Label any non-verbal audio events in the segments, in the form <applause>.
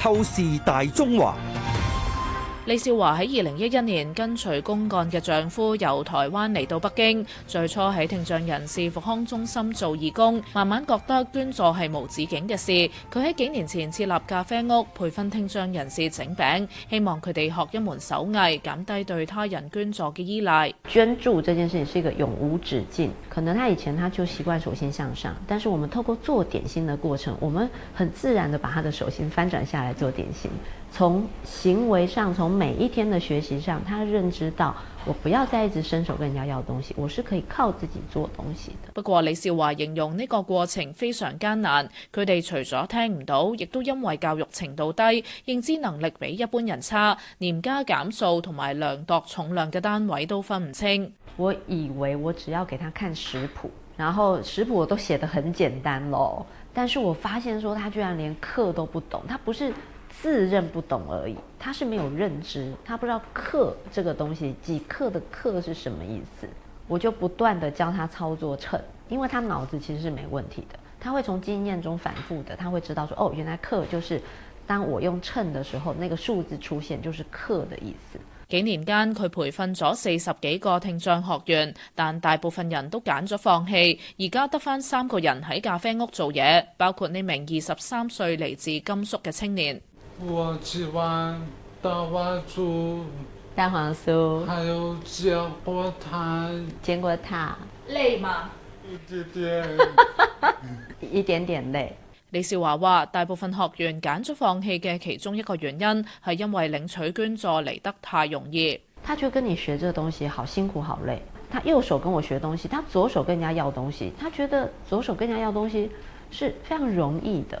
透視大中華。李紹嬅喺二零一一年跟隨公幹嘅丈夫由台灣嚟到北京，最初喺聽障人士復康中心做義工，慢慢覺得捐助係無止境嘅事。佢喺幾年前設立咖啡屋培訓聽障人士整餅，希望佢哋學一門手藝，減低對他人捐助嘅依賴。捐助這件事是一個永無止境，可能他以前他就習慣手心向上，但是我們透過做點心嘅過程，我們很自然地把他的手心翻轉下來做點心，從行為上從。每一天的學習上，他認知到我不要再一直伸手跟人家要東西，我是可以靠自己做東西的。不過李紹嬅形容，呢個過程非常艱難，佢哋除咗聽唔到，亦都因為教育程度低，認知能力比一般人差，連加減數同埋量度重量嘅單位都分唔清。我以為我只要給他看食譜，然後食譜我都寫得很簡單咯，但是我發現說，他居然連克都不懂，他不是。自認不懂，而已，他是沒有認知，他不知道克這個東西，幾克的克是什麼意思。我就不斷的教他操作秤，因為他腦子其實是沒問題的，他會從經驗中反覆的，他會知道說，哦，原來克就是當我用秤的時候，那個數字出現就是克的意思。幾年間，佢培訓咗四十幾個聽障學員，但大部分人都揀咗放棄，而家得返三個人喺咖啡屋做嘢，包括呢名二十三歲嚟自甘肅嘅青年。我忘記大蛋黃蛋黃酥，還有小菠菜。見過他，累嗎？一點點， <laughs> 一點點累。李紹嬅話，大部分學員揀咗放棄嘅其中一個原因，係因為領取捐助嚟得太容易。他覺得跟你學這東西，好辛苦，好累。他右手跟我學東西，他左手跟人家要東西。他覺得左手跟人家要東西是非常容易的。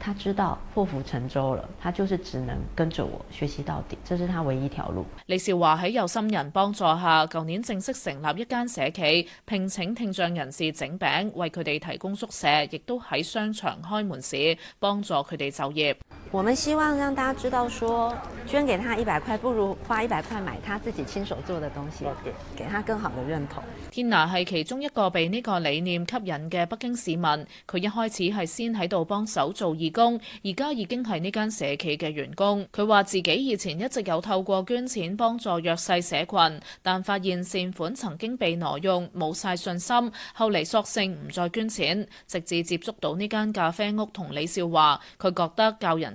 他知道破釜沉舟了，他就是只能跟着我學習到底，這是他唯一一條路。李紹嬅喺有心人幫助下，舊年正式成立一間社企，聘請聽障人士整餅，為佢哋提供宿舍，亦都喺商場開門市，幫助佢哋就業。我們希望讓大家知道，說捐給他一百塊，不如花一百塊買他自己親手做的東西，給他更好的認同。天娜係其中一個被呢個理念吸引嘅北京市民，佢一開始係先喺度幫手做義工，而家已經係呢間社企嘅員工。佢話自己以前一直有透過捐錢幫助弱勢社群，但發現善款曾經被挪用，冇晒信心，後嚟索性唔再捐錢，直至接觸到呢間咖啡屋同李紹嬅，佢覺得教人，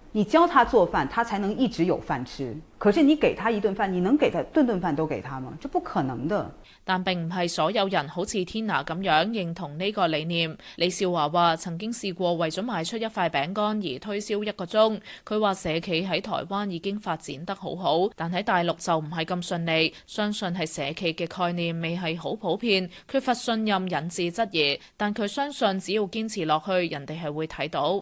你教他做飯，他才能一直有飯吃。可是你給他一頓飯，你能給他頓頓飯都給他嗎？這不可能的。但並唔係所有人好似天娜咁樣認同呢個理念。李紹嬅話曾經試過為咗賣出一塊餅乾而推銷一個鐘。佢話社企喺台灣已經發展得好好，但喺大陸就唔係咁順利。相信係社企嘅概念未係好普遍，缺乏信任，引致質疑。但佢相信只要堅持落去，人哋係會睇到。